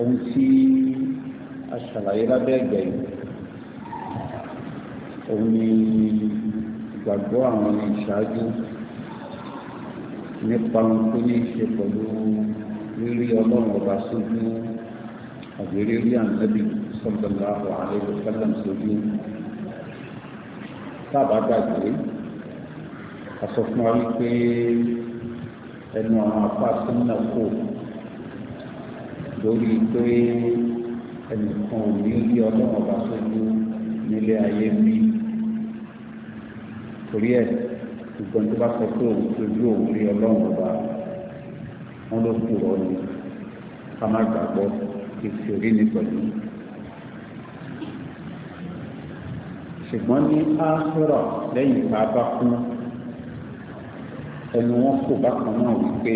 ohun tí a ṣàlàyé lábẹ́ ẹ̀gbẹ́ yìí òun ni ìgbàgbọ́ àwọn ìṣáájú nípa ohun tó ní í ṣe pẹ̀lú rírí ọlọ́run ọba sójú àbí rírí ànábì sallallahu alaihi wasallam sójú sábà a sọ fún wa wípé ẹnu àwọn apá sínú náà kò lórí pé ẹnìkan ò ní yí ọlọ́run ọba sójú nílé ayé bí torí ẹ ṣùgbọ́n tó bá sọ pé òun sójú òun rí ọlọ́run ọba wọn ló kù ọ ni ká má gbàgbọ́ ìṣòrí ni pẹ̀lú. ṣùgbọ́n ní áhùrọ̀ lẹ́yìn tá a bá kú ẹnu wọn kò bákan náà wípé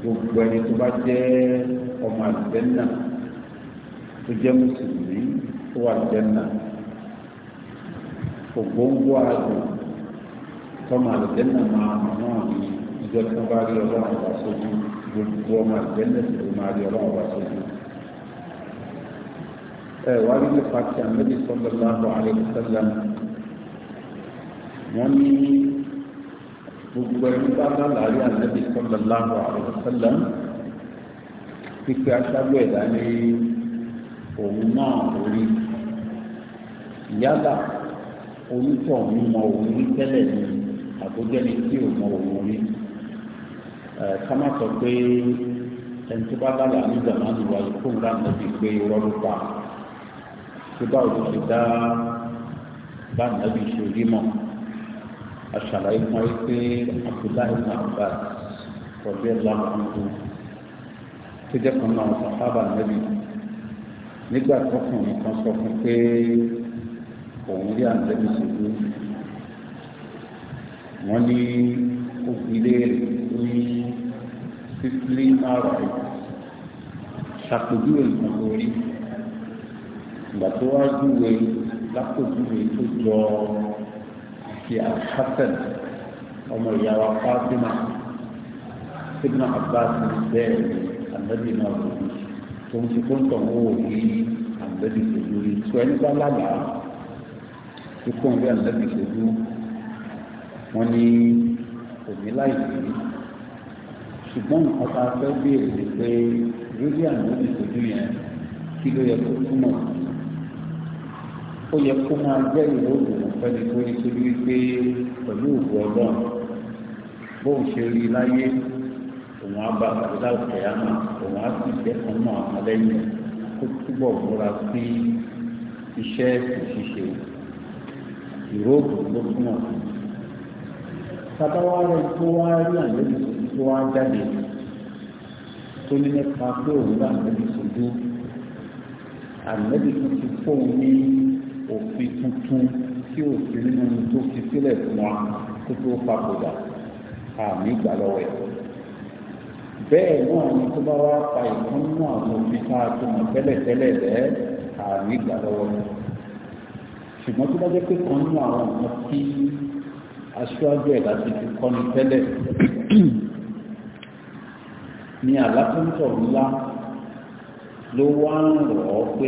gbogbo ẹni tó bá jẹ́ ọmọ àlùjẹ́nà tó jẹ́ mùsùlùmí tó wà àlùjẹ́nà ògbóngbó àdùn tọ́mọ àlùjẹ́nà máa mọ̀ náà ní ìjọ tí wọ́n bá rí ọlọ́run ọba sójú gbogbo ọmọ àlùjẹ́nà sì ló máa rí ọlọ́run ọba sójú. ẹ wá rí nípa tí àmẹ́bí sọ́dọ̀ láàbọ̀ àlẹ́kùsọ́lá wọ́n ní gbogbo ẹni bá bá láàrin àmẹ́bí sọ́dọ̀ láàbọ̀ pípé aṣáájú ẹ̀dá ní òun náà orí yálà onítọ̀ ń mọ òun rí tẹ́lẹ̀ ní àbójẹ́ni tí ò mọ òun rí ká má sọ pé ẹni tó bá dàgbà ní zamani wa yìí fún ìlànà bíi pé rọ́lù pa tó bá òun ti dá bá nàbí ìṣòrí mọ́ aṣàlàyé fún wa pé Abdullahi náà bá rọ̀bí ẹ̀ lánàá tó jẹ́ kan náà sàhábà nẹ́bí nígbà tọkùnrin kan sọ fún pé òun rí àǹtẹ́bí ṣubú wọ́n ní òbílẹ̀ ní fífílì ààrẹ ṣàpèjúwe nǹkan lórí ìgbà tó wá júwe lápòjúwe tó jọ ti alhassan ọmọ ìyá wa Fatima Ibn Abbas bẹ́ẹ̀ ni ànábì náà kò rí tó ń ti tó ń tọ̀ wọ́n ò rí ànábì kò rí tó ẹni bá lálàá tó kó ń rí ànábì kò rí wọ́n ní òní láìsí ṣùgbọ́n nǹkan tá a fẹ́ béèrè ni pé lórí ànábì kò rí yẹn kí ló yẹ kó túmọ̀ ó yẹ kó máa jẹ́ ìlú òògùn tó ní torí pé pẹ̀lú òògùn ọlọ́run bóun ṣe rí láyé òun á bá kàdúrà kẹyàmà òun á sì dẹ́kun náà àwọn lẹ́yìn kó túbọ̀ múra sí iṣẹ́ ìṣiṣẹ́ ìróògùn ló túmọ̀ sí. sábàwá rẹ tó wá rí àlejò tó wá jáde tó ní nípa pé òun bá àlejò sojú àlejò tó ti fóun ní òfin tuntun tí ò nínú tó fi sílẹ̀ fún wa kó tó papòdà àmì ìgbàlọ́wẹ̀. bẹ́ẹ̀ náà ni tó bá wá pa ìkún náà mo fi ká tó mọ̀ tẹ́lẹ̀tẹ́lẹ̀ bẹ́ẹ̀ ìgbà lọ́wọ́ mi ṣùgbọ́n tó bá jẹ́ pé kan nínú àwọn nǹkan tí aṣáájú ẹ̀dá ti fi tẹ́lẹ̀ ni àlàkùntọ̀ ńlá ló wá ń rọ̀ ọ́ pé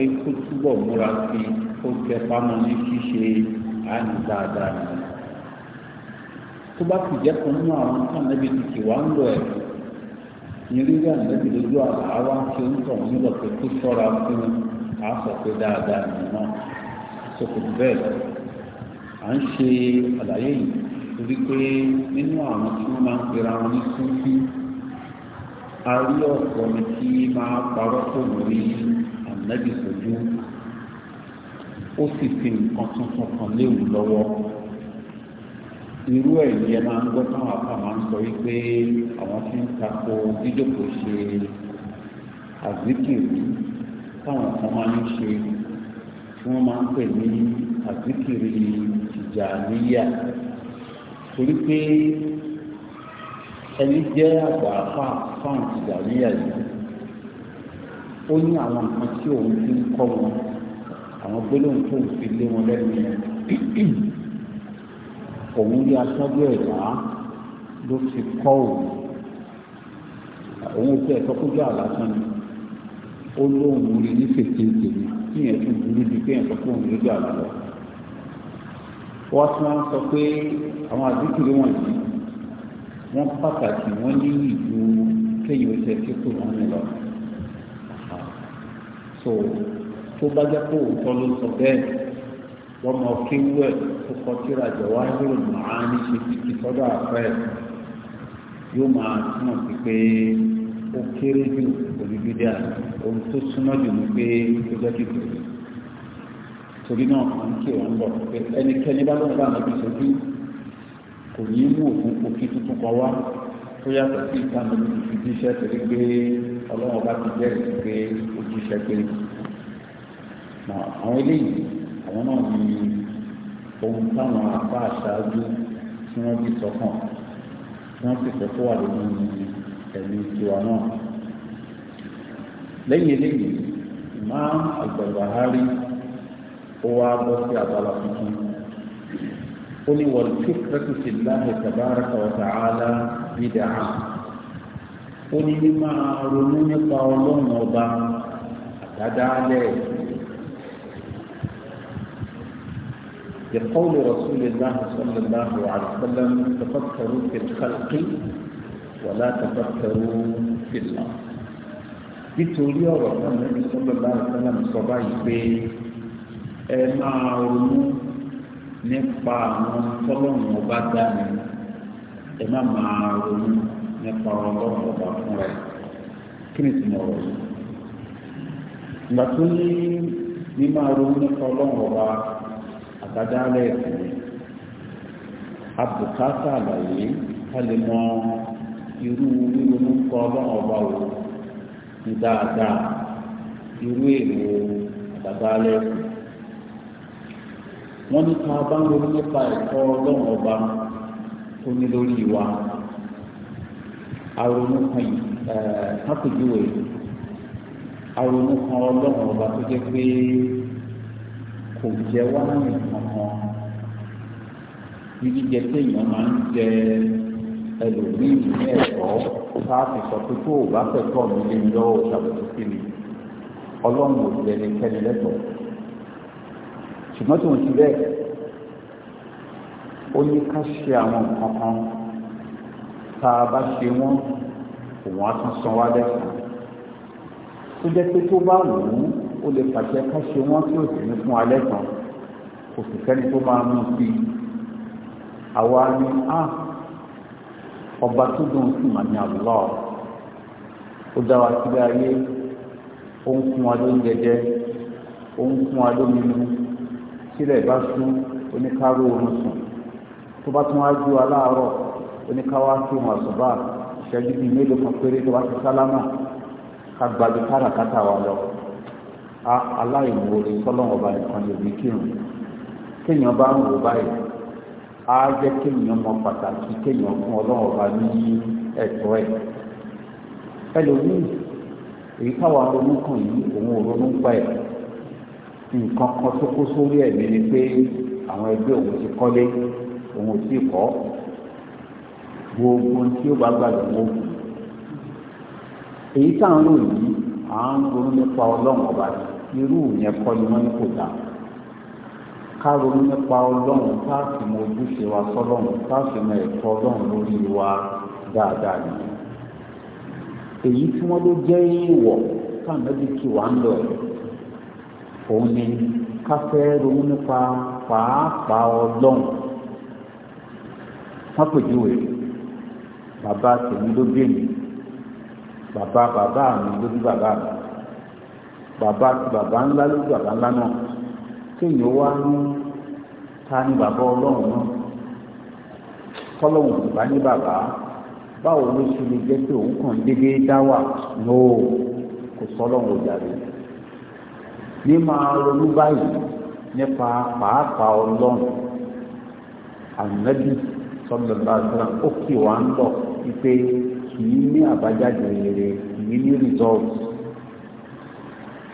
kó ìrírí ànábì lójú àwa tí ó ń tọ̀ nígbà pé kó sọ́ra fún a sọ pé dáadáa nìyẹn sọkòtò bẹ́ẹ̀ lọ à ń ṣe àlàyé yìí torí pé nínú àwọn tí wọ́n máa ń pera wọn ní súnfí a rí ọ̀pọ̀ ni tí máa parọ́ pòwò rí ànábì ó sì fi nǹkan tuntun kan léwu lọ́wọ́ irú ẹ̀ ni ẹ máa ń gbọ́ táwọn afa máa ń sọ wípé àwọn tí ń tako dídòkò ṣe àzíkìrì táwọn kan máa ń ṣe tí wọ́n máa ń pè ní àzíkìrì Tìjàníyà torí pé ẹni jẹ́ àgbà afa fáwọn Tìjàníyà yìí ó ní àwọn nǹkan tí òun ti ń kọ́ wọn àwọn gbólóhùn tó ń fi lé wọn lẹ́nu yẹn òun ní aṣáájú ẹ̀dá ló ti kọ́ òun òun tí ẹ̀tọ́ kójú àlásán ni ó lóun rí ní fèkèkèrè tí yẹn tún burú ju pé ẹ̀tọ́ kóun lójú àlá lọ. wọ́n tún wá sọ pé àwọn àdúgbò wọ̀nyí wọ́n pàtàkì wọ́n ní ìlú kéyìn oṣù kíkó wọn ní lọ. so tó bá jẹ́ pé òótọ́ ló sọ bẹ́ẹ̀ wọ́n mọ kéwú ẹ̀ tó kọ tíra jọ̀wá yóò máa ní ṣe títí sọ́dọ̀ àfẹ́ yóò máa túmọ̀ sí pé ó kéré jù olùdíjà ohun tó súnmọ́ jù ní pé ó jẹ́ kíkọ́ torí náà à ń kí wọn bọ̀ pé ẹnikẹ́ni bá lọ́wọ́ bá nàbí sojú kò ní í mú òfin òfin tuntun kan wá tó yàtọ̀ sí ìtàn ìfijíṣẹ́ torí pé ọlọ́wọ́ bá ti jẹ́rìí pé ojúṣe pé àwọn eléyìí àwọn náà ní ohun táwọn apá àṣáájú tí wọ́n bí sọ́kàn tí wọ́n sì fẹ́ kó wà lórí ẹ̀mí tiwa náà. lẹ́yìn eléyìí máa àgbàgbàhárí ó wá bọ́ sí abala tuntun ó ní wọ́n tí kẹ́kẹ́ sí láàyè tabaraka wa ta'ala bídà á ó ní mímọ́ ronú nípa ọlọ́run ọba àdádáálẹ̀ لقول رسول الله صلى الله عليه وسلم تفكروا في الخلق ولا تفكروا في الله nítorí ọ̀rọ̀ náà Ànábì sallallahu alaihi wasallam sọ báyìí pé ẹ máa ronú nípa àwọn tọ́lọ́mù ọba dání ẹ má máa ronú nípa ọlọ́mù ọba fún ẹ kí ni tìmọ̀ ọ̀rọ̀ yìí. ìgbà tó ní ní máa ronú nípa ọlọ́mù ọba àdádálẹ̀ ẹ̀sìn abùkátà àlàyé irú ọba ní dáadáa irú èrò wọ́n ní ká bá ń nípa tó wa àrònú kan ẹ̀ẹ́dẹ́gbẹ̀wé àrònú tó kò jẹ wá nìkan kan níbi jẹ téèyàn máa ń jẹ ẹlòmíì ní ẹ̀kọ́ káàfin sọ pé tó o bá fẹ̀tọ́ mi lé mi lọ́wọ́ ṣàbùkù sí mi ọlọ́run ò jẹ ní kẹ́ni lẹ́tọ̀ọ́ ṣùgbọ́n tó ń ti bẹ́ẹ̀ ó ní ká ṣe àwọn nǹkan kan tá a bá ṣe wọ́n òun á tún san wá lẹ́sàn-án tó jẹ́ pé tó bá wù ú ó lè pàṣẹ ká ṣe wọ́n tí ó sì ní fún alẹ́ kan kò sì sẹ́ni tó máa mú sí i àwa ni a ah, ọba tó dùn sí màá ní àlọ́ ó dá wa sílé ayé ó ń fún wa lóúnjẹ jẹ ó ń fún wa lómi mu sílẹ̀ bá sú oníkáró oorun sùn tó bá tún wá ju aláàárọ̀ oníkáwá sí wọn àṣùbà ìṣẹ́jú bíi mélòó kan péré tó bá ti sálámà ká gbàgbé káràkátà wa lọ aláìmoore tọ́lọ́wọ́n ọba nìkan lè fi kírun kéèyàn bá ń wò báyìí á jẹ́ kéèyàn mọ pàtàkì kéèyàn fún ọlọ́wọ́n ọba ní ẹ̀tọ́ ẹ̀ ẹlòmíì èyí táwa ronú kàn yìí òun ò ronú pa ẹ̀ nǹkan kan tó kó sórí ẹ̀mí ni pé àwọn ẹgbẹ́ òun ti kọ́lé òun ò tí kọ́ gbogbo tí ó bá gbàgbọ́ wò èyí táwọn lò yìí à ń ronú nípa ọlọ́run ọba yìí irú yẹn kọ́ ni wọ́n ní kò dáa ká ronú nípa ọlọ́run ká sì mọ ojúṣe wa sọ́lọ́run ká sì mọ ẹ̀tọ́ ọlọ́run lórí wa dáadáa nìyẹn èyí tí wọ́n ló jẹ́ èèwọ̀ káàmẹ́bí kí wàá ń lọ ẹ̀ òun ni ká fẹ́ ronú nípa pàápàá ọlọ́run wọ́n pèjúwe bàbá tèmi ló bí mi bàbá bàbá mi ló bí bàbá mi bàbá bàbá ńlá ló ju bàbá ńlá náà kéèyàn wá ní ta ni bàbá ọlọ́run náà tọ́lọ́hùn bá ní bàbá báwo ló ṣe lè jẹ́ pé òun kàn dédé dá wà nóò kò sọ́lọ́hùn òjàre ní máa ronú báyìí nípa pàápàá ọlọ́run ànábì sọ́lọ́lá àdúrà ó kì wá ń lọ wípé kì í ní àbájáde rere kì í ní rìsọ́ọ̀tì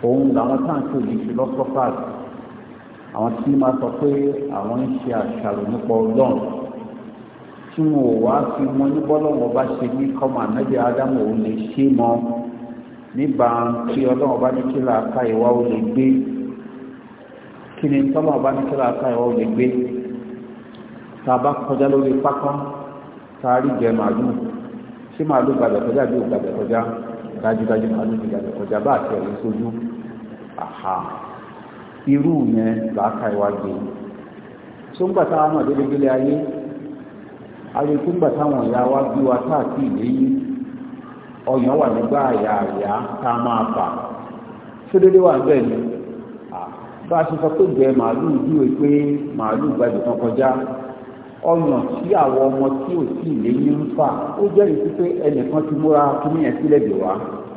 òun làwọn táǹkì òbí philosophers àwọn tí máa sọ pé àwọn ń ṣe àṣàrò nípa ọlọ́run tí wọn ò wá fi mọ níbọ́lọ́wọ́ bá ṣe ní kọ́mọ ànábì ádámù òun lè ṣe mọ nígbà tí ọlọ́run bá ní kí làákà ìwà ò lè gbé kí ni tọ́lọ́run bá ní kí làákà ìwà ò lè gbé tá a bá kọjá lórí pákó tá a rí jẹ màlúù ṣé màlúù gbàgbẹ́ kọjá bí ò gbàgbẹ́ kọjá dájúdájú màlúù gbàgbẹ́ kọjá bá àti ẹ̀rí sójú. Aha, irú yẹn làákà ka tó táwọn náà ayé ayé tó táwọn ìyá wa bí wa táàtì ìléyìn ọyàn wà nígbà àyà àyà tá máa bà tó wà ni bá a ṣe sọ pé pé kan kọjá tí àwọn ọmọ tí ò tí ìléyìn ń fà ó jẹ́rìí sí pé ẹnìkan ti múra kí ní sílẹ̀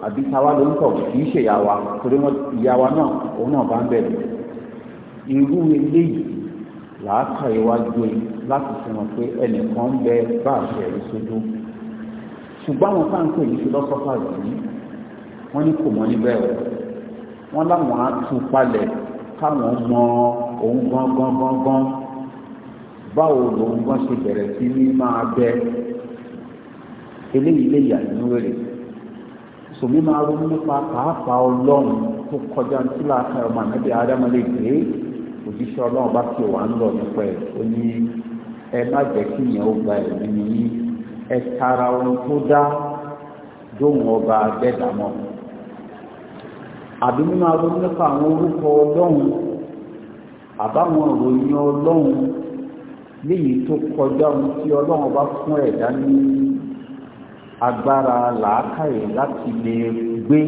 àbí táwa ló ń tọ̀ kì í ṣe ìyá wa torí wọn ìyá wa náà òun náà bá ń bẹ̀rẹ̀ irú eléyìí làákà iwájú ẹ láti fi hàn pé ẹnìkan ń bẹ bá àṣẹ rẹ sójú ṣùgbọ́n àwọn sáǹkì yìí fìlọ́sọ́fà yìí wọ́n ní kò mọ́ níbẹ̀ o wọ́n láwọn á tú palẹ̀ káwọn mọ òun gangan gangan báwo lòun gan ṣe bẹ̀rẹ̀ sí ní máa bẹ eléyìí lè yà nínú rẹ̀ sòmí máa ronú nípa pàápàá ọlọ́run tó kọjá ní síláàkà ọmọ ànábì ádámà lè gbé òjíṣẹ́ ọlọ́run bá ti wà ń lọ nípa ẹ̀ ó ní ẹ má jẹ́ kí ìyẹn ó gba ẹ̀mí nìyí ẹ tara ohun tó dá dóhùn ọba dẹ́dàmọ́ àbí mímọ ronú nípa àwọn orúkọ ọlọ́run àbáwọn ìròyìn ọlọ́run léyìí tó kọjá ohun tí ọlọ́run bá fún ẹ̀dá ní agbára làákàyè láti lè gbé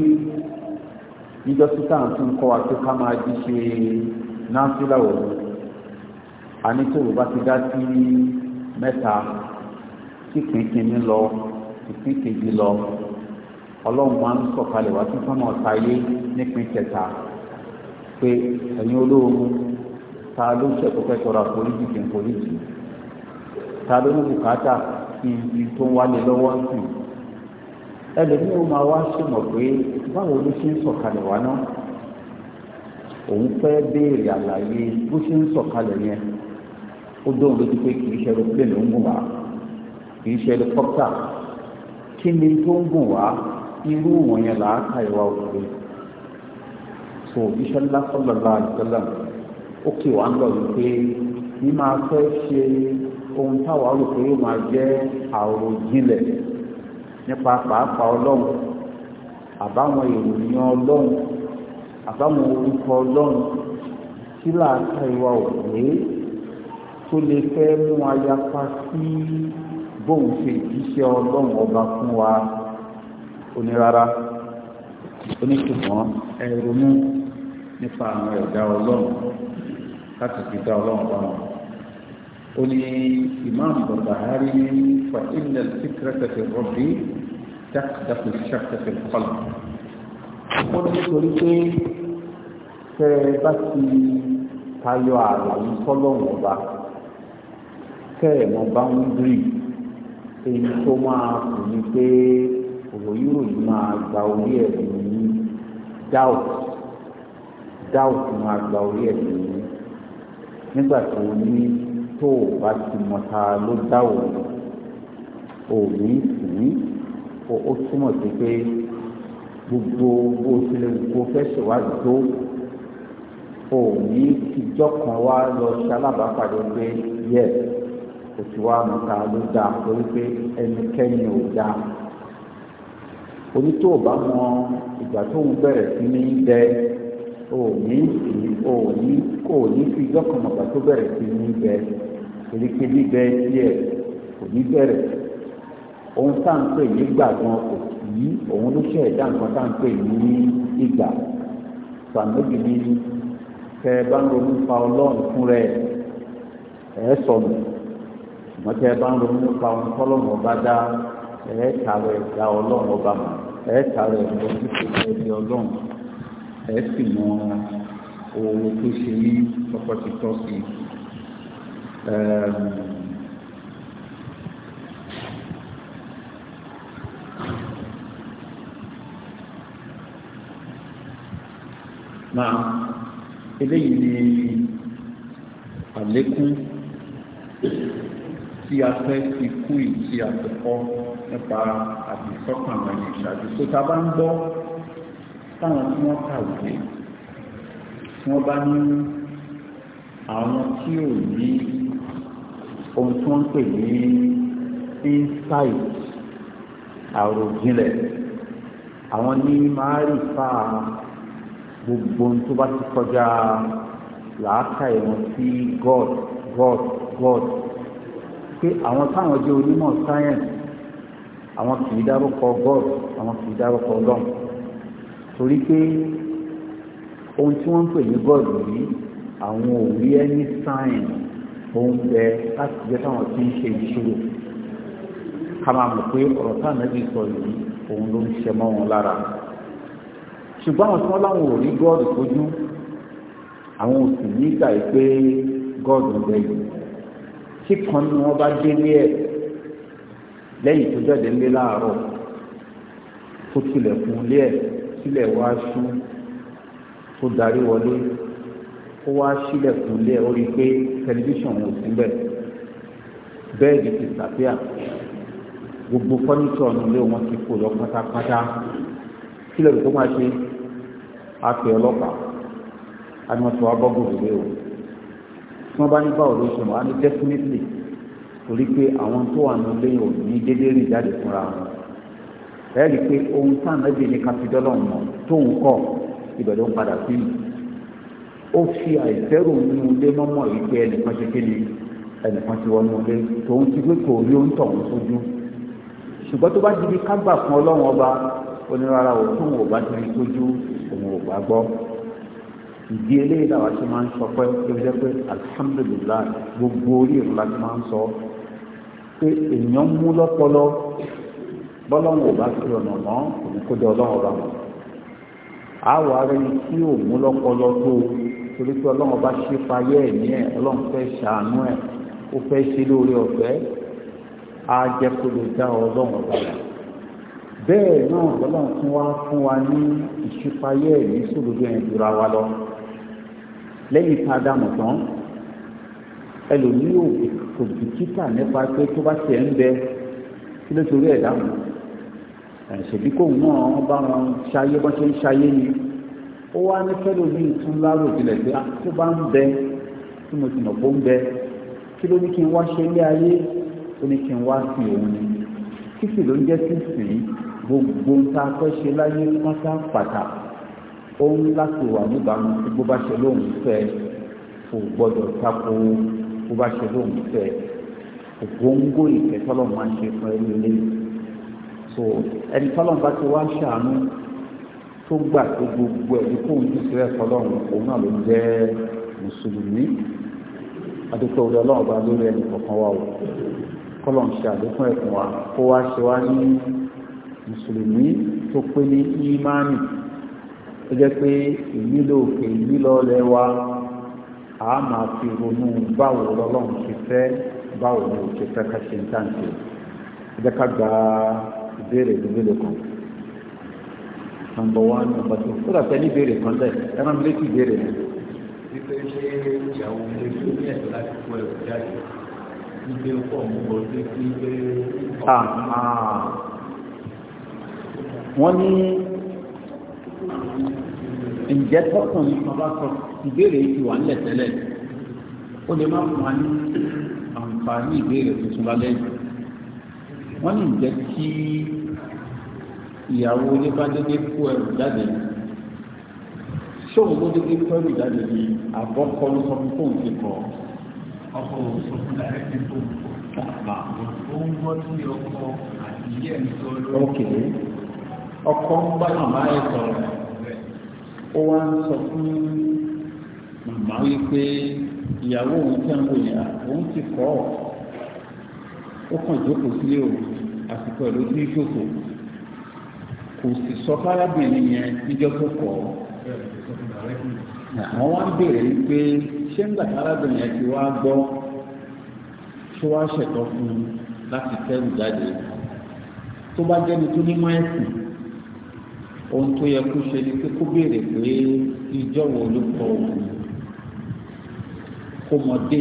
níjọ́ tí táà tún kọ́ wa pé ká máa jí ṣe náfílà òru anítòrò ti dá sí mẹ́ta kíkìn lọ ìpín lọ ọlọ́run wa ń sọ̀kalẹ̀ wá sí sọ́mọ̀ ọ̀tayé nípín kẹta pé ẹ̀yin ta ló tọrọ àforíjì ta ló bùkátà kí n tó wálé lọ́wọ́ ẹlòmíì ó máa wá sùnmọ̀ pé báwo ló ṣe ń sọ̀kalẹ̀ wá náà òun fẹ́ béèrè àlàyé bó ṣe ń sọ̀kalẹ̀ yẹn ó dóhùn lójú pé kì í ṣe ẹlòmíì ló ń gùn wá kì í ṣe ẹlòmíì kí ni tó ń gùn wá irú wọn yẹn là á ka ìwà òkúre so iṣẹ́ ńlá sọ́lọ́lá àdìsọ́lá ó kì wá ń lọ wípé ní máa fẹ́ ṣe ohun táwa rò pé ó máa jẹ́ àròjinlẹ̀ nípa pàápàá ọlọ́run àbáwọn ìròyìn ọlọ́run àbáwọn orúkọ ọlọ́run tí làákà ìwà òwe tó lè fẹ́ mú ayapa sí bóun ṣe ìjíṣẹ́ ọlọ́run ọba fún wa onírara oníṣùgbọ́n ẹ̀rọmú nípa àwọn ẹ̀dá ọlọ́run láti fi dá ọlọ́run bá wọn. ó ní bàbá harí fa ilẹ̀ fíkìrẹ́tẹ̀tẹ̀ rọ̀bì dákùdákù ṣàkóso ìkọlù. ó ní nítorí pé tẹ́ bá ti tayọ ààrẹ yìí sọ́lọ́wọ́n ọba tẹ́ bá ń rí èyí tó máa kù ní pé òròyìn òyìn máa gba orí ẹ̀sìn ní doubt doubt máa gba orí ẹ̀sìn ní nígbà tó ní tó bá ti mọ̀ta ló dáwọ̀ òní sí o túmọ̀ sí pé gbogbo bó tilẹ̀ gbogbo fẹ́ ṣèwádìí tó o ní ìjọ kan wá lọ ṣe alábàápàdé pé yẹ kò sí wá mọ̀ta ló dáa torí pé ẹnikẹ́ni ò dáa onítò bá mọ ìgbà tó ń bẹ̀rẹ̀ sí ní dẹ o ní sí o ní kò ní fi ìjọ kan mọ̀gbà tó bẹ̀rẹ̀ sí ní bẹ torí pé díẹ̀ kò ní bẹ̀rẹ̀ òun tá à ń pè ní gbàgbọ́n kò sí òun ló ṣe ẹ̀dá nǹkan tá à ń pè ní ìgbà sàmójì ní tẹ bá ń ronú pa ọlọ́run fún rẹ ẹ̀ sọnù ṣùgbọ́n tẹ bá ń ronú pa ohun tọ́lọ́run ọba dá ẹ̀ tààrọ̀ ẹ̀dá ọlọ́run ọba mọ̀ ẹ̀ tààrọ̀ ẹ̀dá ojúṣe ẹ̀dá ọlọ́run ẹ̀ sì mọ owó tó ṣe ní tọkọtìtọ́ náà eléyìí ni àlékún tí a fẹ́ fi kú yìí tí a ti kọ́ nípa àdìsọ́kàn àwọn ẹni ìṣáájú tó ta bá ń gbọ́ táwọn tí wọ́n kàwé tí wọ́n bá ní àwọn tí ò ní ohun tí wọ́n pè ní insight àròjinlẹ̀ àwọn ní máa rí fáa gbogbo ohun tó bá ti kọjá làákàyè wọn sí god god god pé àwọn táwọn jẹ́ onímọ̀ sáyẹ̀nsì àwọn kì í dárúkọ god àwọn kì í dárúkọ ọlọ́run torí pé ohun tí wọ́n ń pè ní god yìí àwọn ò rí ẹni sáyẹ̀nsì ohun bẹ láti jẹ́ táwọn tí ń ṣe ìṣirò ká máa mọ̀ pé ọ̀rọ̀ táwọn ẹbí sọ yìí òun ló ń ṣe mọ́ wọn lára ṣùgbọ́n àwọn tí wọ́n láwọn ò rí gọ́ọ̀dù fojú àwọn òsì nígbà yìí pé gọ́ọ̀dù ń bẹ yìí tí kan ní wọ́n bá délé ẹ̀ lẹ́yìn tó jáde ńlé láàárọ̀ tó tilẹ̀kùn lé ẹ̀ sílẹ̀ wá ṣú tó darí wọlé ó wá sílẹ̀kùn lé ẹ̀ ó rí i pé tẹlifíṣàn ò síbẹ̀ bẹ́ẹ̀dì ti tàbíà gbogbo fọ́nìṣọ̀ nílé wọn ti kó lọ pátápátá sílẹ̀ tó máa ṣe a pè ọlọ́pàá a ní wọ́n ìwé o tí wọ́n bá ní báwo ló ṣe wọ́n á ní definitely torí pé àwọn tó wà ní ilé yòó ní dédé rìn jáde fúnra wọn ẹ̀rí pé ohun táwọn ẹbí ní káfíńdọ́lọ̀ mọ̀ tó ń kọ́ ìbẹ̀rẹ̀ ń padà sí mi ó fi àìfẹ́rù nínú ilé mọ́mọ́ yìí pé ẹnìkan ṣe kéde ẹnìkan ti wọnú ilé tòun ti gbé kò rí oúnjẹ òun sójú ṣùgbọ́n tó bá di bí ká gbà fún ọlọ́run ọba onírara ò tún wò bá ti tójú òun ò bá gbọ́ ìdí eléyìí làwọn ti máa ń sọ pé ebi pé alihamudulilayi gbogbo orí ìlú la ti máa ń sọ pé èèyàn mú lọ́pọlọ bọ́lọ́wọ́ bá fi ọ̀nà mọ́ òun kó jọ ọlọ́run ra mọ́ àwọ̀ ara ẹni tí ò mú lọ́pọlọ tó torí pé ọlọ́run bá ṣe fayé ẹ̀mí ẹ̀ ọlọ́run fẹ́ ṣàánú ẹ̀ ó fẹ́ ṣe lóore ọ̀fẹ́ á jẹ́ kó lè dá ọlọ́run ra bẹ́ẹ̀ náà lọ́lọ́run tún wá fún wa ní ìṣípayé ẹ̀mí sódodo ẹ̀ jura wa lọ lẹ́yìn tá a dàmọ̀ tán ẹlòmíì ò kò bìkítà nípa pé tó bá tiẹ̀ ń bẹ kí ló torí ẹ̀ dàmọ̀ ṣèbí kò náà wọ́n bá wọn ṣayé bọ́n ṣe ń ṣayé ni ó wá ní kẹlòmíì tún lárò ìpìlẹ̀ pé ah, tó bá ń bẹ tí mo ti mọ̀ pé ó ń bẹ kí ló ní kí n wá ṣe ilé ayé ó ní kí n wá sí òun ni kí sì ló ń jẹ́ sí sìn gbogbo ta fẹ́ ṣe láyé pátápátá òun láti wà níbàámu tí bó bá ṣe lóun fẹ́ kò gbọ́dọ̀ tako bó bá ṣe lóun fẹ́ ògóńgó ìfẹ́tọ́lọ̀ máa ń ṣe fún ẹni ilé so ẹni tọ́lọ̀ bá ti wá ṣàánú tó gbà pé gbogbo ẹni kóun ti ṣe ẹ̀kọ́ lọ́rùn òun náà ló jẹ́ mùsùlùmí adúpẹ́ òde ọlọ́run bá lórí ẹni kọ̀ọ̀kan wà o kọ́lọ̀ ń ṣe àlékún ẹ̀kún wa kó wá ṣe wá ní mùsùlùmí tó pé ní ìmánì tó jẹ́ pé ìnílò òkè ìnílò wa a máa fi ronú báwo lọ́lọ́run ṣe fẹ́ báwo ni òkè fẹ́ ká ṣe ń tàǹtì ẹ jẹ́ ká gba ìbéèrè ìdúgbélé kan number one number two kódà pé ní ìbéèrè kan lẹ̀ ẹ máa ń létí ìbéèrè yẹn. wípé ṣé ìyàwó ilé tó ní ẹ̀sọ́ láti kó ẹ̀rọ jáde wípé ó pọ̀ mọ́ ọ sí pé. Ah, ah wọ́n ní ǹjẹ́ tọkùnrin kan bá sọ ìbéèrè ti wà nílẹ̀ tẹ́lẹ̀ ó lè má fún wa ní àǹfààní ìbéèrè tuntun lálẹ́ yìí wọ́n ní ǹjẹ́ kí ìyàwó ilé bá dédé kó ẹrù jáde sóun ló dédé kó ẹrù jáde ní àbọ̀kọ ló sọ fún fóun ti kọ. ọkọ ò sọ fún láyé tí fóun kọ. ó ń gbọ́ sí ọkọ àti ilé ẹ̀ ń sọ lórí. ọkọ ń bá màmá yẹn sọ̀rọ̀ ó wá ń sọ fún màmá wípé ìyàwó òun tí àwọn òun ti kọ́ ó kàn jókòó sílé o àsìkò ẹ̀ ló ti ṣòfò kò sì sọ fárábìnrin yẹn níjọ́ tó kọ̀ ọ́ àwọn wá ń béèrè wípé ṣé ń gbà fárábìnrin yẹn ti wá gbọ́ ṣé ṣẹ̀tọ́ fún un láti ohun tó yẹ kó ṣe ni pé kó béèrè pé ìjọ wo ló kọ òun kó mọ dé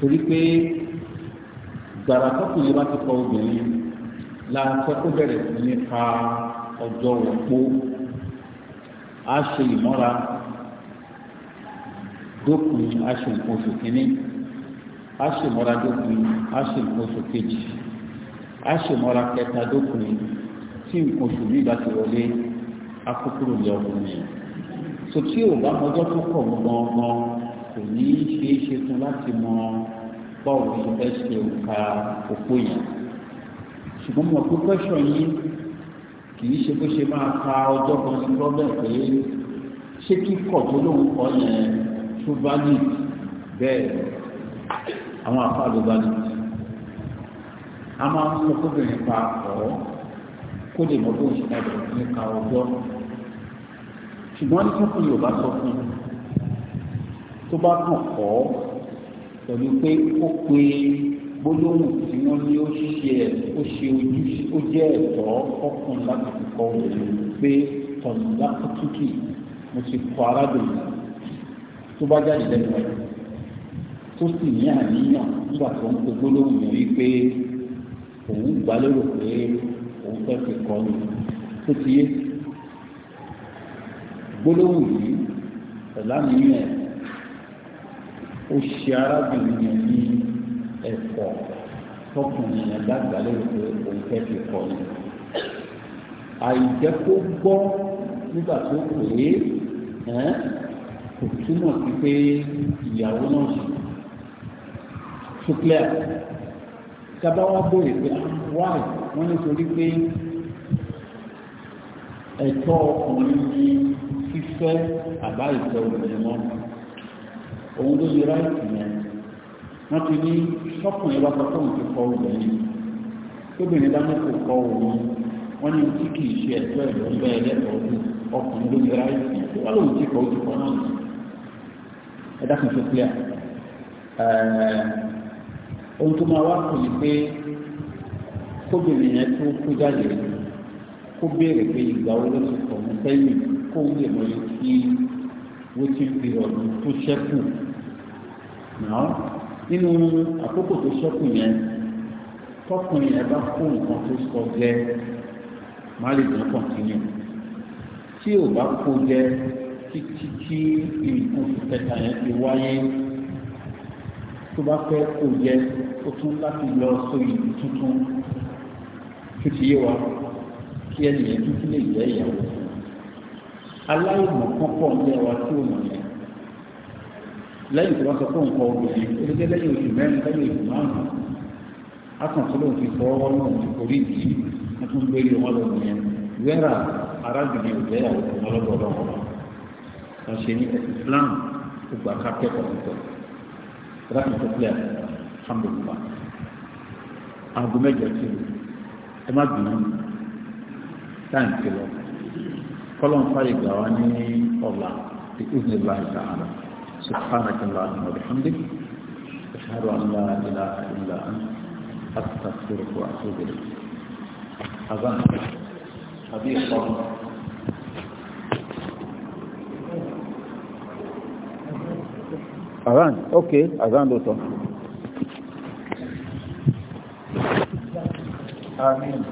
torí pé gbàrà bá ti kọ obìnrin la sọ kó bẹ̀rẹ̀ sí ní ka ọjọ́ a ṣe ìmọ́ra dókun a ṣe nǹkan oṣù kínní a ṣe ìmọ́ra dókun tí nǹkan oṣù mi bá ti wọlé akókòrò lé ọkùnrin yẹn so tí ò bá ọjọ́ tó kọ̀ gbọ̀ngbọ̀n kò ní í ṣe é ṣe fún láti mọ báwo ni ẹ ṣe òǹkà òpó yẹn ṣùgbọ́n mo pé pẹ́ṣọ̀ yín kì í ṣe bó ṣe máa ka ọjọ́ kan sí rọ́bẹ̀ pé ṣé kíkọ̀ tó lóun kọ́ yẹn tó bá nì bẹ́ẹ̀ àwọn àfáàlú bá nì a máa ń sọ kóbìnrin pa ọ̀ kó lè mọ bóun ṣe ta bẹ̀rẹ̀ ní ka ọjọ́ ṣùgbọ́n ní sọ́kùn Yorùbá sọ fún un tó bá kàn kọ́ pẹ̀lú pé ó pe gbólóhùn tí wọ́n ní ó ṣe ó ṣe ojúṣe ó jẹ́ ẹ̀tọ́ ọkùnrin láti fi kọ́ òun pé tọ̀nùdá kútùkì mo ti kọ́ arábìnrin tó bá jáde lẹ́nu ẹ̀ tó sì ní àníyàn nígbà tó ń pe gbólóhùn yẹn wípé òun gbà lérò pé òun fẹ́ fi kọ́ ni tó ti yé gbólóhùn yìí pẹ̀lú àmì yẹn ó ṣe arábìnrin yẹn ní ẹ̀fọ́ tọkùnrin yẹn dàgbà lórí pé òun fẹ́ fi kọ́ ni àìjẹ́ gbọ́ nígbà tó pè é kò túmọ̀ sí pé ìyàwó náà ṣe ṣúklẹ́à tàbá wá bóyè pé ah, wáì wọ́n nítorí pé ẹ̀tọ́ ọkùnrin ní fífẹ́ àbá ìfẹ́ obìnrin mọ́ òun ló yẹ ráìtì yẹn wọ́n ti ní sọ́kùnrin wá sọ fóun ti kọ́ obìnrin tóbìnrin bá ní kò kọ́ òun wọ́n ní tí kì í ṣe ẹ̀tọ́ ẹ̀rọ ń bẹ́ẹ̀ lẹ́kọ̀ọ́ ọkùnrin ló yẹ ráìtì yẹn tó wá lóun ti kọ́ ojú kan náà ẹ̀dá kan tó clear ẹ̀ẹ́ ohun tó máa wá kù ni pé kóbìnrin yẹn tó kú jáde kó béèrè pé ìgbà wo ló ti kọ̀ ọ́n sẹ́yìn kó lè mọ iye tí wọ́n ti fi ọ̀dùn tó ṣẹ́kù náà nínú àkókò tó ṣẹ́kù yẹn tọkùnrin yẹn bá kó nǹkan tó sọ jẹ má lè dùn kọ̀ǹtínú tí ò bá kó jẹ títí tí nǹkan tó kẹta yẹn ti wáyé tó bá fẹ́ kò yẹ ó tún láti lọ so ìlú tuntun tó ti yé wa kí ẹnìyẹn tó tún lè jẹ́ ìyàwó fún un aláìmọ̀ kọ́kọ́ ní ẹwà tí ò mọ̀ yẹn lẹ́yìn tí wọ́n sọ fún nǹkan obìnrin ó lè jẹ́ lẹ́yìn oṣù mẹ́rin lẹ́yìn oṣù márùn-ún akọ̀tọ́lọ́ ti fọ náà ti forí ìdí wọ́n tún gbélé wọn lọ nìyẹn wẹ́rà arábìnrin ò jẹ́yàwó ọlọ́dọọdọ wọn ṣe ní ẹ̀sìn Islam ó gbà ká kẹ́kọ̀ọ́ nìkan. رقم ثلاثة الحمد لله أبو مجر كيلو تمدن ثاني كيلو كلهم فارق جواني الله بإذن الله تعالى سبحانك اللهم وبحمدك أشهد أن لا إله إلا أنت أستغفرك وأتوب إليك أذان حديث الله azan ok azan ló Amen. Amin.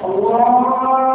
Allah